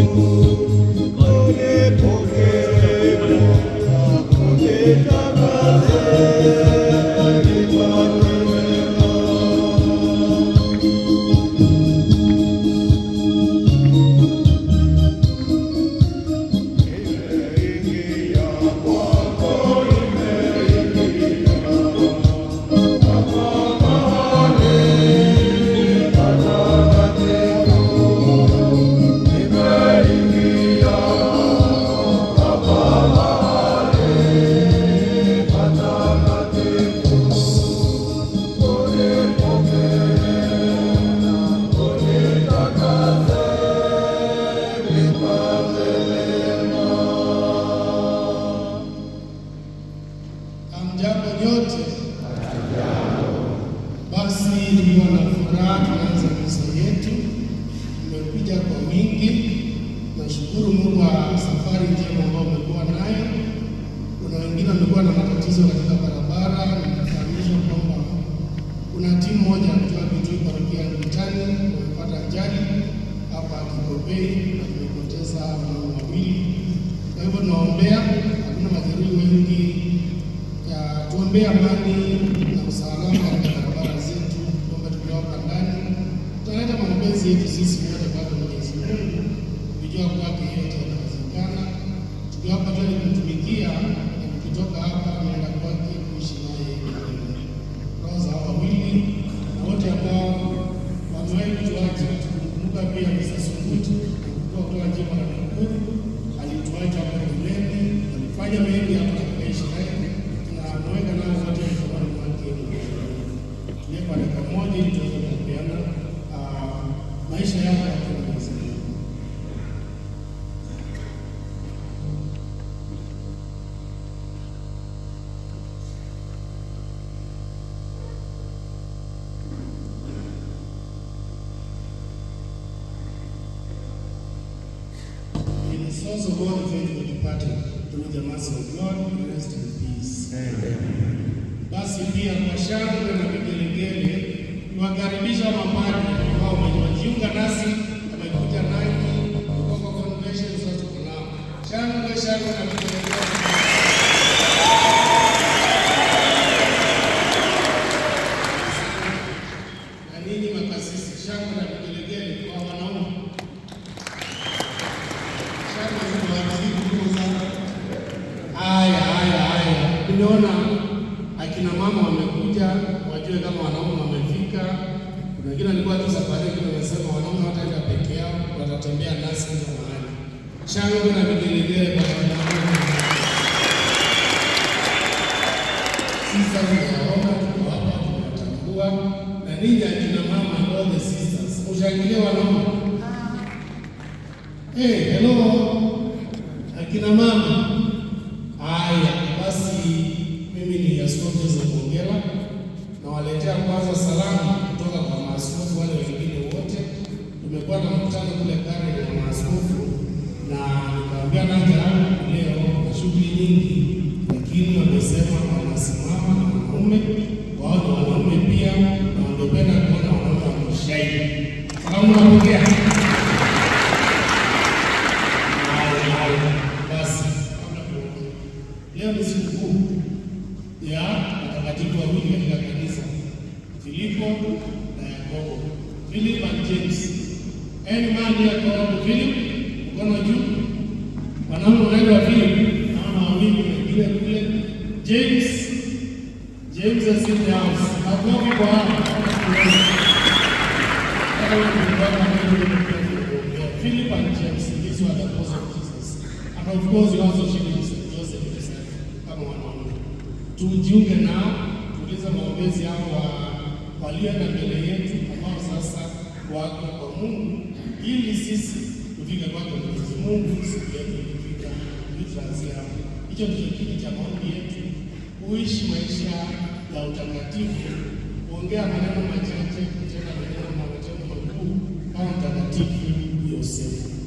Amém. habari za yetu, mmekuja kwa wingi. Nashukuru Mungu wa safari njema ambayo umekuwa nayo. Kuna wengine wamekuwa na matatizo katika barabara, nikafahamishwa kwamba kuna timu moja kutoka Kitui parokia ya wamepata ajali hapa Kikopei na tumepoteza wanaume wawili. Kwa hivyo tunaombea, hakuna majeruhi wengi, tuombea amani na usalama katika barabara zetu kazi yetu sisi wote kwake Mwenyezi Mungu, kujua kwake yote yanawezekana. Tukiwa hapa tu alimtumikia, na tukitoka hapa ameenda kwake kuishi naye kwanza wawili na wote ambao wamewahi kutuacha, tukumbuka pia Misa Sungutu kutoa jema la Mungu alituacha kwa Kilemi, alifanya mengi maisha yao ya kuongoza. It is also God who the departed through of God, rest in peace. Amen. Basi pia kwa shangwe na vigelegele wakaribisha mapadri ambao wamejiunga tumeona akina mama wamekuja, wajue kama wanaume wamefika. Kuna wengine walikuwa tu safari, wamesema wanaume wataenda peke yao, watatembea nasi kwa mahali. Shangwe na vigelegele kwa tuko hapa, tunatambua na ninyi akina mama, the sisters, ushangilie wanaume. Ah. Hey, hello akina mama nawaletea kwanza salamu kutoka kwa maaskofu wale wengine wote. Tumekuwa na mkutano kule kare ya maaskofu na nikaambia naja leo na shughuli nyingi, lakini wamesema wanasimama na wanaume wao wanaume pia, na wangependa kuona wanaume wakushaidi salamu napokea Leo ni sikukuu ya watakatifu wawili katika kanisa Filipo na Yakobo, Philip and James. Any man here called Philip? Mkono juu. Wanaume wa Philip, naona wawili wengine kule. James, James is in the house. Makofi kwa hapa. Philip and James, these were the apostles of Jesus. And of course, you also should Joseph himself, Tujiunge nao, tuulize maombezi yao wa na mbele yetu ambao sasa wako kwa Mungu, ili sisi tufike kwake Mwenyezi Mungu siku yetu ikifika. Hapo hicho ndicho kitu cha maombi yetu, kuishi maisha ya utakatifu, kuongea maneno machache, kutenda maneno makuu kama mtakatifu Yosefu.